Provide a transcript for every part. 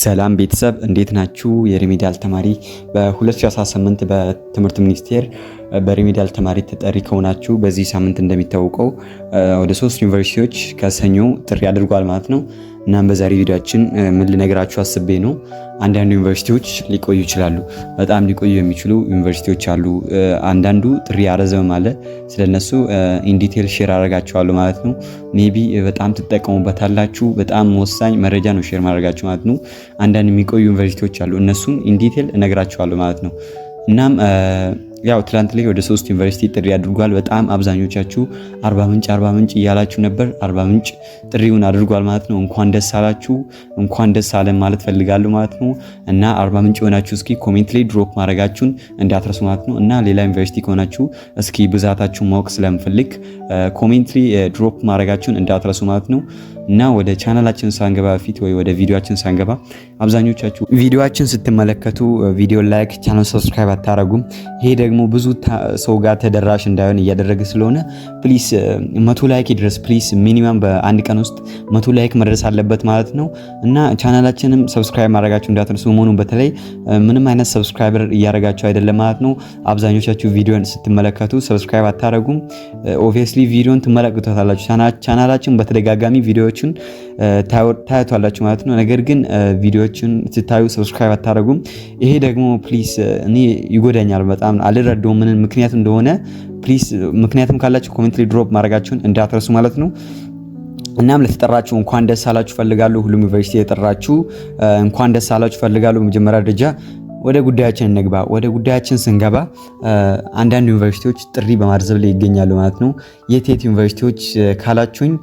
ሰላም ቤተሰብ እንዴት ናችሁ? የሪሚዲያል ተማሪ በ2018 በትምህርት ሚኒስቴር በሪሚዲያል ተማሪ ተጠሪ ከሆናችሁ በዚህ ሳምንት እንደሚታወቀው ወደ ሶስት ዩኒቨርሲቲዎች ከሰኞ ጥሪ አድርጓል ማለት ነው። እናም በዛሬ ቪዲዮችን ምን ልነግራችሁ አስቤ ነው። አንዳንድ ዩኒቨርሲቲዎች ሊቆዩ ይችላሉ። በጣም ሊቆዩ የሚችሉ ዩኒቨርሲቲዎች አሉ። አንዳንዱ ጥሪ ያረዘም አለ። ስለነሱ ኢንዲቴል ሼር አደርጋችኋለሁ ማለት ነው። ሜቢ በጣም ትጠቀሙበታላችሁ። በጣም ወሳኝ መረጃ ነው ሼር ማድረጋችሁ ማለት ነው። አንዳንድ የሚቆዩ ዩኒቨርሲቲዎች አሉ። እነሱም ኢንዲቴል እነግራችኋለሁ ማለት ነው። እናም ያው ትላንት ላይ ወደ ሶስት ዩኒቨርሲቲ ጥሪ አድርጓል። በጣም አብዛኞቻችሁ አርባ ምንጭ አርባ ምንጭ እያላችሁ ነበር። አርባ ምንጭ ጥሪውን አድርጓል ማለት ነው። እንኳን ደስ አላችሁ፣ እንኳን ደስ አለን ማለት ፈልጋሉ ማለት ነው። እና አርባ ምንጭ የሆናችሁ እስኪ ኮሜንት ላይ ድሮፕ ማድረጋችሁን እንዳትረሱ ማለት ነው። እና ሌላ ዩኒቨርሲቲ ከሆናችሁ እስኪ ብዛታችሁ ማወቅ ስለምፈልግ ኮሜንት ላይ ድሮፕ ማድረጋችሁን እንዳትረሱ ማለት ነው። እና ወደ ቻናላችን ሳንገባ በፊት ወይ ወደ ቪዲዮችን ሳንገባ አብዛኞቻችሁ ቪዲዮችን ስትመለከቱ ቪዲዮ ላይክ፣ ቻናል ሰብስክራይብ አታረጉም። ይሄ ደግሞ ደግሞ ብዙ ሰው ጋር ተደራሽ እንዳይሆን እያደረገ ስለሆነ ፕሊስ መቶ ላይክ ድረስ ፕሊስ። ሚኒመም በአንድ ቀን ውስጥ መቶ ላይክ መድረስ አለበት ማለት ነው እና ቻናላችንም ሰብስክራይብ ማድረጋችሁ እንዳትረሱ። መሆኑን በተለይ ምንም አይነት ሰብስክራይበር እያደረጋችሁ አይደለም ማለት ነው። አብዛኞቻችሁ ቪዲዮን ስትመለከቱ ሰብስክራይብ አታደረጉም። ኦብቪየስሊ ቪዲዮን ትመለከቷታላችሁ። ቻናላችን በተደጋጋሚ ቪዲዮዎችን ታያቷላችሁ ማለት ነው። ነገር ግን ቪዲዮዎችን ስታዩ ሰብስክራይብ አታደረጉም። ይሄ ደግሞ ፕሊስ እኔ ይጎዳኛል በጣም አለ አልረዳውም ምን ምክንያት እንደሆነ ፕሊስ፣ ምክንያትም ካላችሁ ኮሜንት ላይ ድሮፕ ማድረጋችሁን እንዳትረሱ ማለት ነው። እናም ለተጠራችሁ እንኳን ደስ አላችሁ ፈልጋለሁ። ሁሉም ዩኒቨርሲቲ የጠራችሁ እንኳን ደስ አላችሁ ፈልጋለሁ። ደረጃ ወደ ጉዳያችን እንግባ። ወደ ጉዳያችን ስንገባ አንዳንድ ዩኒቨርሲቲዎች ጥሪ በማድረግ ላይ ይገኛሉ ማለት ነው። የት የት ዩኒቨርሲቲዎች ካላችሁኝ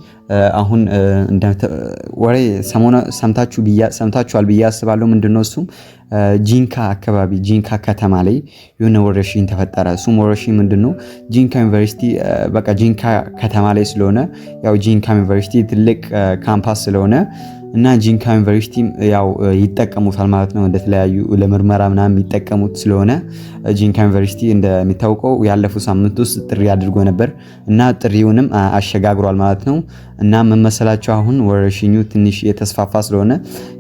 አሁን ወሬ ሰምታችሁ ሰምታችኋል ብዬ አስባለሁ። ምንድነው እሱም ጂንካ አካባቢ ጂንካ ከተማ ላይ የሆነ ወረርሽኝ ተፈጠረ። እሱም ወረርሽኝ ምንድነው ጂንካ ዩኒቨርሲቲ በቃ ጂንካ ከተማ ላይ ስለሆነ ያው ጂንካ ዩኒቨርሲቲ ትልቅ ካምፓስ ስለሆነ እና ጂንካ ዩኒቨርሲቲ ያው ይጠቀሙታል ማለት ነው። እንደተለያዩ ለምርመራ ምናምን የሚጠቀሙት ስለሆነ ጂንካ ዩኒቨርሲቲ እንደሚታወቀው ያለፉ ሳምንት ውስጥ ጥሪ አድርጎ ነበር እና ጥሪውንም አሸጋግሯል ማለት ነው። እና መመሰላቸው አሁን ወረርሽኙ ትንሽ የተስፋፋ ስለሆነ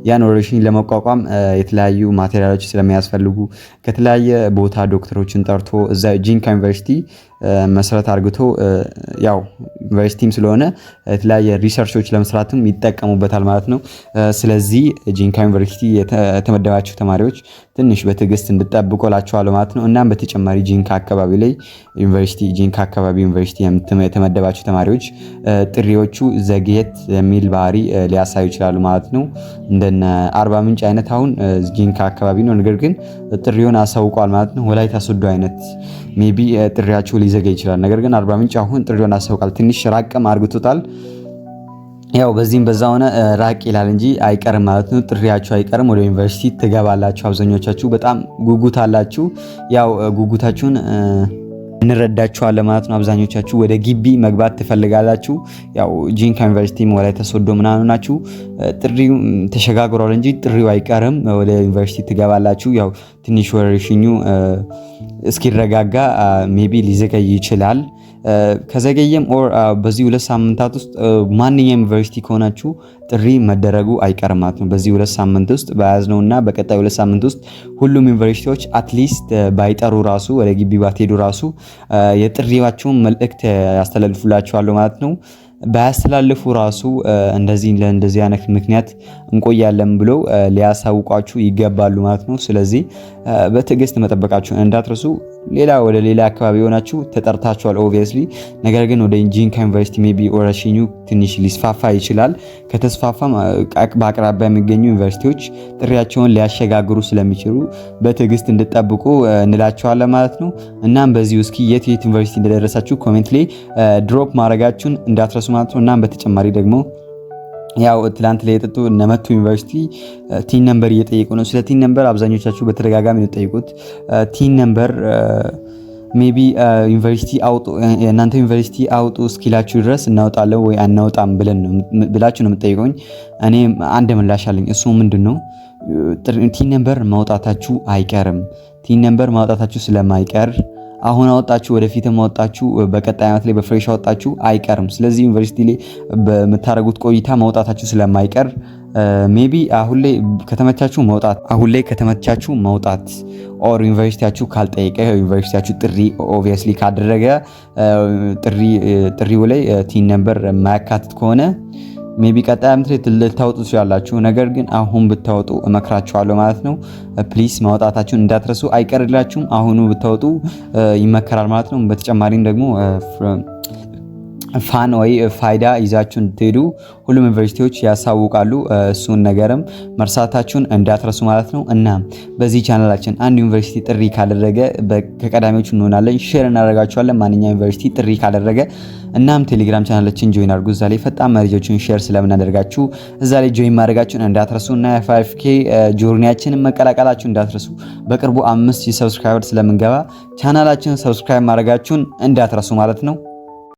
ያን ወረርሽኝ ለመቋቋም የተለያዩ ማቴሪያሎች ስለሚያስፈልጉ ከተለያየ ቦታ ዶክተሮችን ጠርቶ እዛ ጂንካ ዩኒቨርሲቲ መሰረት አርግቶ ያው ዩኒቨርሲቲም ስለሆነ የተለያየ ሪሰርቾች ለመስራትም ይጠቀሙበታል ማለት ነው። ስለዚህ ጂንካ ዩኒቨርሲቲ የተመደባችሁ ተማሪዎች ትንሽ በትዕግስት እንድጠብቆ ላችኋለሁ ማለት ነው። እናም በተጨማሪ ጂንካ አካባቢ ላይ ዩኒቨርሲቲ ጂንካ አካባቢ ዩኒቨርሲቲ የተመደባቸው ተማሪዎች ጥሪዎቹ ዘግየት የሚል ባህሪ ሊያሳዩ ይችላሉ ማለት ነው። እንደነ አርባ ምንጭ አይነት አሁን ጂንካ አካባቢ ነው፣ ነገር ግን ጥሪውን አሳውቋል ማለት ነው። ወላይታ ሶዶ አይነት ሜቢ ጥሪያቸው ሊዘገይ ይችላል፣ ነገር ግን አርባ ምንጭ አሁን ጥሪውን አሳውቃል። ትንሽ ራቅም አርግቶታል። ያው በዚህም በዛ ሆነ ራቅ ይላል እንጂ አይቀርም ማለት ነው። ጥሪያችሁ አይቀርም፣ ወደ ዩኒቨርሲቲ ትገባላችሁ። አብዛኞቻችሁ በጣም ጉጉት አላችሁ። ያው ጉጉታችሁን እንረዳችኋለን ማለት ነው። አብዛኞቻችሁ ወደ ግቢ መግባት ትፈልጋላችሁ። ያው ጂንካ ዩኒቨርሲቲ ወላይ ሶዶ ምናምን ናችሁ። ጥሪው ተሸጋግሯል እንጂ ጥሪው አይቀርም፣ ወደ ዩኒቨርሲቲ ትገባላችሁ። ያው ትንሽ ወረርሽኙ እስኪረጋጋ ሜቢ ሊዘገይ ይችላል። ከዘገየም ኦር በዚህ ሁለት ሳምንታት ውስጥ ማንኛውም ዩኒቨርሲቲ ከሆናችሁ ጥሪ መደረጉ አይቀርም ማለት ነው። በዚህ ሁለት ሳምንት ውስጥ በያዝነው እና በቀጣይ ሁለት ሳምንት ውስጥ ሁሉም ዩኒቨርሲቲዎች አትሊስት ባይጠሩ ራሱ ወደ ግቢ ባትሄዱ ራሱ የጥሪዋቸውን መልእክት ያስተላልፉላችኋለሁ ማለት ነው። ባያስተላልፉ ራሱ እንደዚህ ለእንደዚህ አይነት ምክንያት እንቆያለን ብሎ ሊያሳውቋችሁ ይገባሉ ማለት ነው። ስለዚህ በትዕግስት መጠበቃችሁን እንዳትረሱ። ሌላ ወደ ሌላ አካባቢ የሆናችሁ ተጠርታችኋል ኦብቪየስሊ። ነገር ግን ወደ ጂንካ ዩኒቨርሲቲ ሜይ ቢ ወረሽኙ ትንሽ ሊስፋፋ ይችላል። ከተስፋፋም በአቅራቢያ የሚገኙ ዩኒቨርሲቲዎች ጥሪያቸውን ሊያሸጋግሩ ስለሚችሉ በትዕግስት እንድጠብቁ እንላቸዋለን ማለት ነው። እናም በዚህ እስኪ የት የት ዩኒቨርሲቲ እንደደረሳችሁ ኮሜንት ላይ ድሮፕ ማድረጋችሁን እንዳትረሱ ማለት ነው። እናም በተጨማሪ ደግሞ ያው ትላንት ላይ የጠጡ እነመቱ ዩኒቨርሲቲ ቲን ነምበር እየጠየቁ ነው። ስለ ቲን ነምበር አብዛኞቻችሁ በተደጋጋሚ ነው ጠይቁት። ቲን ነምበር ቢ ዩኒቨርሲቲ አውጡ እናንተ ዩኒቨርሲቲ አውጡ እስኪላችሁ ድረስ እናወጣለን ወይ አናወጣም ነው ብላችሁ ነው የምጠይቀኝ። እኔ አንድ ምላሽ አለኝ። እሱ ምንድን ነው? ቲን ነምበር ማውጣታችሁ አይቀርም። ቲን ነምበር ማውጣታችሁ ስለማይቀር አሁን አወጣችሁ ወደፊትም አወጣችሁ በቀጣይ ዓመት ላይ በፍሬሽ አወጣችሁ አይቀርም። ስለዚህ ዩኒቨርሲቲ ላይ በምታደርጉት ቆይታ መውጣታችሁ ስለማይቀር ሜቢ አሁን ላይ ከተመቻችሁ መውጣት አሁን ላይ ከተመቻችሁ መውጣት ኦር ዩኒቨርሲቲያችሁ ካልጠየቀ ዩኒቨርሲቲያችሁ ጥሪ ኦብቪየስሊ ካደረገ ጥሪው ላይ ቲን ነበር የማያካትት ከሆነ ሜቢ ቀጣይ ዓመት ልታወጡ ትችላላችሁ። ነገር ግን አሁን ብታወጡ እመክራችኋለሁ ማለት ነው። ፕሊስ uh, ማውጣታችሁን እንዳትረሱ፣ አይቀርላችሁም። አሁኑ ብታወጡ uh, ይመከራል ማለት ነው። በተጨማሪም ደግሞ ፋን uh, ወይ ፋይዳ ይዛችሁ እንድትሄዱ ሁሉም ዩኒቨርሲቲዎች ያሳውቃሉ። እሱን ነገርም መርሳታችሁን እንዳትረሱ ማለት ነው። እና በዚህ ቻናላችን አንድ ዩኒቨርሲቲ ጥሪ ካደረገ ከቀዳሚዎች እንሆናለን። ሼር እናደርጋችኋለን። ማንኛውም ዩኒቨርሲቲ ጥሪ ካደረገ እናም ቴሌግራም ቻናላችን ጆይን አድርጉ። እዛ ላይ ፈጣን መረጃዎችን ሼር ስለምናደርጋችሁ እዛ ላይ ጆይን ማድረጋችሁን እንዳትረሱ እና የፋይቭ ኬ ጆርኒያችንን መቀላቀላችሁ እንዳትረሱ። በቅርቡ አምስት ሺህ ሰብስክራይበር ስለምንገባ ቻናላችን ሰብስክራይብ ማድረጋችሁን እንዳትረሱ ማለት ነው።